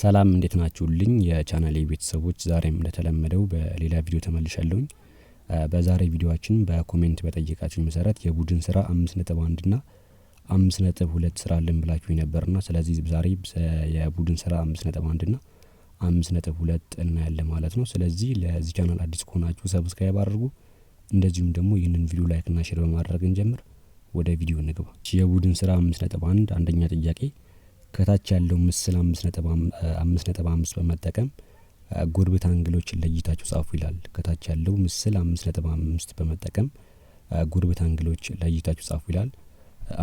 ሰላም እንዴት ናችሁልኝ የቻናሌ ቤተሰቦች፣ ዛሬም እንደተለመደው በሌላ ቪዲዮ ተመልሻለሁኝ። በዛሬ ቪዲዮችን በኮሜንት በጠየቃችሁኝ መሰረት የቡድን ስራ አምስት ነጥብ አንድ ና አምስት ነጥብ ሁለት ስራ አለን ብላችሁ ና ስለዚህ ዛሬ የቡድን ስራ አምስት ነጥብ አንድ ና አምስት ነጥብ ሁለት እናያለን ማለት ነው። ስለዚህ ለዚህ ቻናል አዲስ ከሆናችሁ ሰብስክራይብ አድርጉ። እንደዚሁም ደግሞ ይህንን ቪዲዮ ላይክ ና ሼር በማድረግ እንጀምር። ወደ ቪዲዮ ንግባ የቡድን ስራ አምስት ነጥብ አንድ አንደኛ ጥያቄ ከታች ያለው ምስል አምስት ነጥብ አምስት በመጠቀም ጉርብት አንግሎችን ለይታችሁ ጻፉ ይላል። ከታች ያለው ምስል አምስት ነጥብ አምስት በመጠቀም ጉርብት አንግሎች ለይታችሁ ጻፉ ይላል።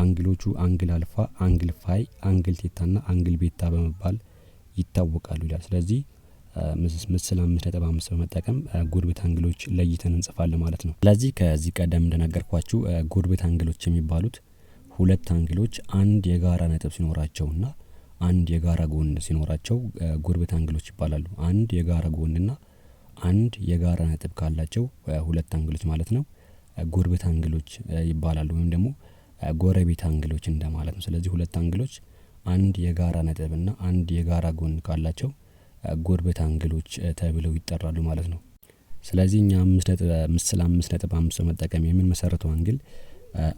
አንግሎቹ አንግል አልፋ፣ አንግል ፋይ፣ አንግል ቴታና አንግል ቤታ በመባል ይታወቃሉ ይላል። ስለዚህ ምስል አምስት ነጥብ አምስት በመጠቀም ጉርብት አንግሎች ለይተን እንጽፋለን ማለት ነው። ስለዚህ ከዚህ ቀደም እንደነገርኳችሁ ጉርብት አንግሎች የሚባሉት ሁለት አንግሎች አንድ የጋራ ነጥብ ሲኖራቸውና አንድ የጋራ ጎን ሲኖራቸው ጎረቤት አንግሎች ይባላሉ። አንድ የጋራ ጎን እና አንድ የጋራ ነጥብ ካላቸው ሁለት አንግሎች ማለት ነው ጎረቤት አንግሎች ይባላሉ ወይም ደግሞ ጎረቤት አንግሎች እንደማለት ነው። ስለዚህ ሁለት አንግሎች አንድ የጋራ ነጥብ እና አንድ የጋራ ጎን ካላቸው ጎረቤት አንግሎች ተብለው ይጠራሉ ማለት ነው። ስለዚህ እኛ አምስት ነጥብ አምስት ነጥብ አምስት በመጠቀም የምንመሰረተው አንግል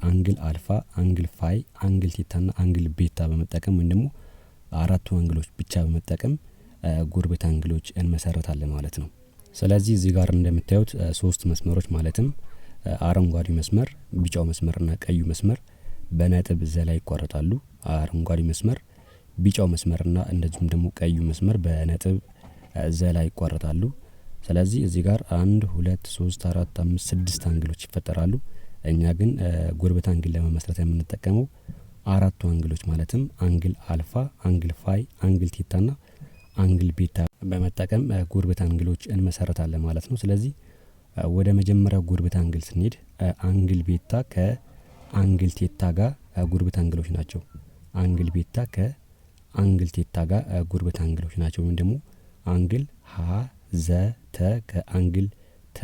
አንግል አልፋ፣ አንግል ፋይ፣ አንግል ቲታ አንግል ቤታ በመጠቀም ወይም ደግሞ አራቱ አንግሎች ብቻ በመጠቀም ጉርብት አንግሎች እንመሰረታለን ማለት ነው። ስለዚህ እዚህ ጋር እንደምታዩት ሶስት መስመሮች ማለትም አረንጓዴ መስመር፣ ቢጫው መስመርና ቀዩ መስመር በነጥብ ዘ ላይ ይቋረጣሉ። አረንጓዴ መስመር፣ ቢጫው መስመርና እንደዚሁም ደግሞ ቀዩ መስመር በነጥብ ዘ ላይ ይቋረጣሉ። ስለዚህ እዚህ ጋር አንድ ሁለት ሶስት አራት አምስት ስድስት አንግሎች ይፈጠራሉ። እኛ ግን ጉርብት አንግል ለመመስረት የምንጠቀመው አራቱ አንግሎች ማለትም አንግል አልፋ፣ አንግል ፋይ፣ አንግል ቴታ ና አንግል ቤታ በመጠቀም ጉርብት አንግሎች እንመሰረታለን ማለት ነው። ስለዚህ ወደ መጀመሪያው ጉርብት አንግል ስንሄድ አንግል ቤታ ከአንግል ቴታ ጋር ጉርብት አንግሎች ናቸው። አንግል ቤታ ከአንግል ቴታ ጋር ጉርብት አንግሎች ናቸው። ወይም ደግሞ አንግል ሀ ዘ ተ ከአንግል ተ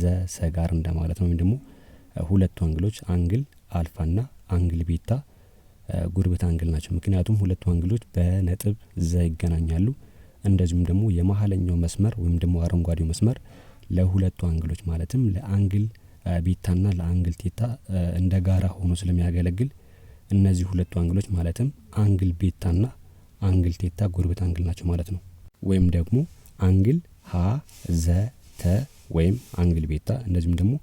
ዘ ሰ ጋር እንደማለት ነው። ወይም ደግሞ ሁለቱ አንግሎች አንግል አልፋ ና አንግል ቤታ ጉርብት አንግል ናቸው። ምክንያቱም ሁለቱ አንግሎች በነጥብ ዘ ይገናኛሉ። እንደዚሁም ደግሞ የመሀለኛው መስመር ወይም ደግሞ አረንጓዴው መስመር ለሁለቱ አንግሎች ማለትም ለአንግል ቤታና ለአንግል ቴታ እንደ ጋራ ሆኖ ስለሚያገለግል እነዚህ ሁለቱ አንግሎች ማለትም አንግል ቤታና አንግል ቴታ ጉርብት አንግል ናቸው ማለት ነው። ወይም ደግሞ አንግል ሀ ዘ ተ ወይም አንግል ቤታ እንደዚሁም ደግሞ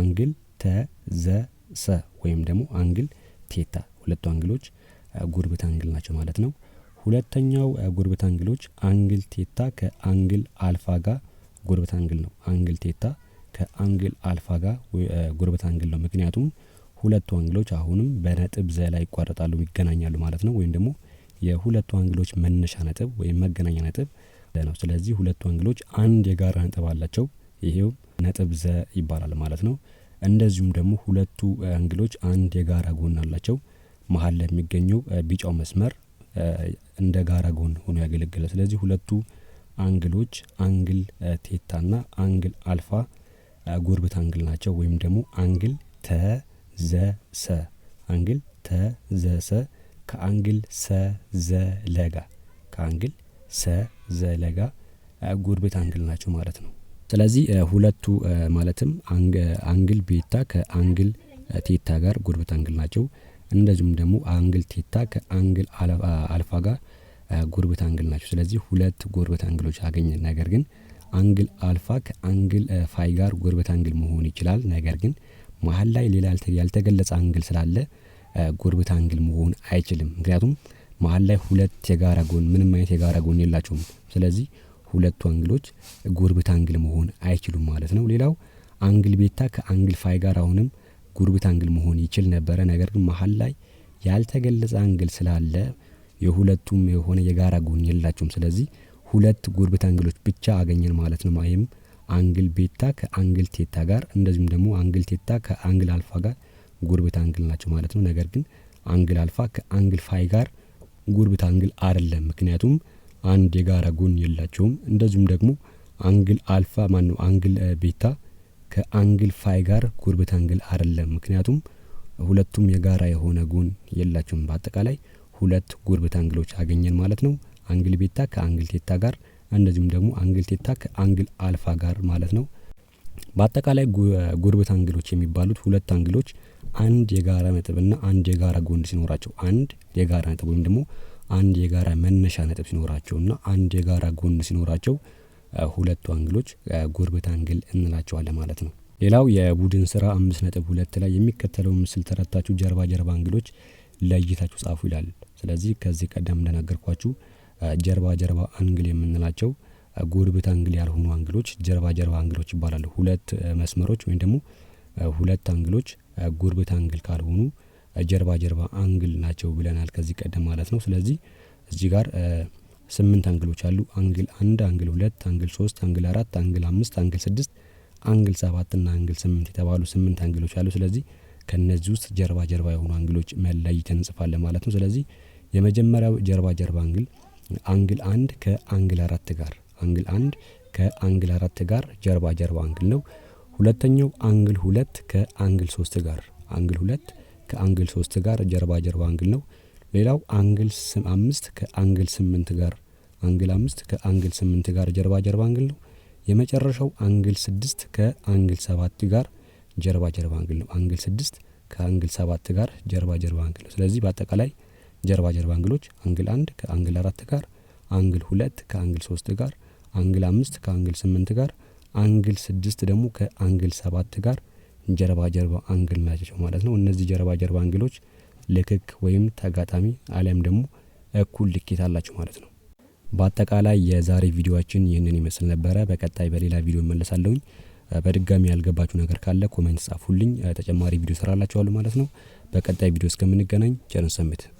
አንግል ተ ዘ ሰ ወይም ደግሞ አንግል ቴታ ሁለቱ አንግሎች ጉርብት አንግል ናቸው ማለት ነው። ሁለተኛው ጉርብት አንግሎች አንግል ቴታ ከአንግል አልፋ ጋር ጉርብት አንግል ነው። አንግል ቴታ ከአንግል አልፋ ጋር ጉርብት አንግል ነው። ምክንያቱም ሁለቱ አንግሎች አሁንም በነጥብ ዘ ላይ ይቋረጣሉ፣ ይገናኛሉ ማለት ነው። ወይም ደግሞ የሁለቱ አንግሎች መነሻ ነጥብ ወይም መገናኛ ነጥብ ነው። ስለዚህ ሁለቱ አንግሎች አንድ የጋራ ነጥብ አላቸው። ይሄው ነጥብ ዘ ይባላል ማለት ነው። እንደዚሁም ደግሞ ሁለቱ አንግሎች አንድ የጋራ ጎን አላቸው። መሀል ላይ የሚገኘው ቢጫው መስመር እንደ ጋራ ጎን ሆኖ ያገለግለ። ስለዚህ ሁለቱ አንግሎች አንግል ቴታና አንግል አልፋ ጎርብት አንግል ናቸው። ወይም ደግሞ አንግል ተዘሰ አንግል ተዘሰ ከአንግል ሰዘለጋ ከአንግል ሰዘለጋ ጎርቤት አንግል ናቸው ማለት ነው። ስለዚህ ሁለቱ ማለትም አንግል ቤታ ከአንግል ቴታ ጋር ጎርቤት አንግል ናቸው። እንደዚሁም ደግሞ አንግል ቴታ ከአንግል አልፋ ጋር ጎርቤት አንግል ናቸው። ስለዚህ ሁለት ጎርቤት አንግሎች አገኘ ነገር ግን አንግል አልፋ ከአንግል ፋይ ጋር ጎርቤት አንግል መሆን ይችላል። ነገር ግን መሀል ላይ ሌላ ያልተገለጸ አንግል ስላለ ጎርቤት አንግል መሆን አይችልም። ምክንያቱም መሀል ላይ ሁለት የጋራ ጎን ምንም አይነት የጋራ ጎን የላቸውም። ስለዚህ ሁለቱ አንግሎች ጎርቤት አንግል መሆን አይችሉም ማለት ነው። ሌላው አንግል ቤታ ከአንግል ፋይ ጋር አሁንም ጉርብት አንግል መሆን ይችል ነበረ። ነገር ግን መሀል ላይ ያልተገለጸ አንግል ስላለ የሁለቱም የሆነ የጋራ ጎን የላቸውም። ስለዚህ ሁለት ጉርብት አንግሎች ብቻ አገኘን ማለት ነው። ይህም አንግል ቤታ ከአንግል ቴታ ጋር እንደዚሁም ደግሞ አንግል ቴታ ከአንግል አልፋ ጋር ጉርብት አንግል ናቸው ማለት ነው። ነገር ግን አንግል አልፋ ከአንግል ፋይ ጋር ጉርብት አንግል አይደለም። ምክንያቱም አንድ የጋራ ጎን የላቸውም። እንደዚሁም ደግሞ አንግል አልፋ ማነው አንግል ቤታ ከአንግል ፋይ ጋር ጉርብት አንግል አይደለም። ምክንያቱም ሁለቱም የጋራ የሆነ ጎን የላቸውም። በአጠቃላይ ሁለት ጉርብት አንግሎች አገኘን ማለት ነው። አንግል ቤታ ከአንግል ቴታ ጋር እንደዚሁም ደግሞ አንግል ቴታ ከአንግል አልፋ ጋር ማለት ነው። በአጠቃላይ ጉርብት አንግሎች የሚባሉት ሁለት አንግሎች አንድ የጋራ ነጥብና አንድ የጋራ ጎን ሲኖራቸው፣ አንድ የጋራ ነጥብ ወይም ደግሞ አንድ የጋራ መነሻ ነጥብ ሲኖራቸውና አንድ የጋራ ጎን ሲኖራቸው ሁለቱ አንግሎች ጉርብት አንግል እንላቸዋለን ማለት ነው። ሌላው የቡድን ስራ አምስት ነጥብ ሁለት ላይ የሚከተለው ምስል ተረታችሁ ጀርባ ጀርባ አንግሎች ለይታችሁ ጻፉ ይላል። ስለዚህ ከዚህ ቀደም እንደነገርኳችሁ ጀርባ ጀርባ አንግል የምንላቸው ጉርብት አንግል ያልሆኑ አንግሎች ጀርባ ጀርባ አንግሎች ይባላሉ። ሁለት መስመሮች ወይም ደግሞ ሁለት አንግሎች ጉርብት አንግል ካልሆኑ ጀርባ ጀርባ አንግል ናቸው ብለናል ከዚህ ቀደም ማለት ነው። ስለዚህ እዚህ ጋር ስምንት አንግሎች አሉ። አንግል አንድ፣ አንግል ሁለት፣ አንግል ሶስት፣ አንግል አራት፣ አንግል አምስት፣ አንግል ስድስት፣ አንግል ሰባት እና አንግል ስምንት የተባሉ ስምንት አንግሎች አሉ። ስለዚህ ከእነዚህ ውስጥ ጀርባ ጀርባ የሆኑ አንግሎች መለይተን እንጽፋለን ማለት ነው። ስለዚህ የመጀመሪያው ጀርባ ጀርባ አንግል አንግል አንድ ከአንግል አራት ጋር አንግል አንድ ከአንግል አራት ጋር ጀርባ ጀርባ አንግል ነው። ሁለተኛው አንግል ሁለት ከአንግል ሶስት ጋር አንግል ሁለት ከአንግል ሶስት ጋር ጀርባ ጀርባ አንግል ነው። ሌላው አንግል አምስት ከአንግል ስምንት ጋር አንግል አምስት ከአንግል ስምንት ጋር ጀርባ ጀርባ አንግል ነው። የመጨረሻው አንግል ስድስት ከአንግል ሰባት ጋር ጀርባ ጀርባ አንግል ነው። አንግል ስድስት ከአንግል ሰባት ጋር ጀርባ ጀርባ አንግል ነው። ስለዚህ በአጠቃላይ ጀርባ ጀርባ አንግሎች አንግል አንድ ከአንግል አራት ጋር፣ አንግል ሁለት ከአንግል ሶስት ጋር፣ አንግል አምስት ከአንግል ስምንት ጋር፣ አንግል ስድስት ደግሞ ከአንግል ሰባት ጋር ጀርባ ጀርባ አንግል ናቸው ማለት ነው። እነዚህ ጀርባ ጀርባ አንግሎች ልክክ ወይም ተጋጣሚ አሊያም ደግሞ እኩል ልኬት አላችሁ ማለት ነው። በአጠቃላይ የዛሬ ቪዲዮችን ይህንን ይመስል ነበረ። በቀጣይ በሌላ ቪዲዮ እመለሳለሁኝ። በድጋሚ ያልገባችሁ ነገር ካለ ኮሜንት ጻፉልኝ። ተጨማሪ ቪዲዮ ሰራላችኋለሁ ማለት ነው። በቀጣይ ቪዲዮ እስከምንገናኝ ቸርን ሰንብት።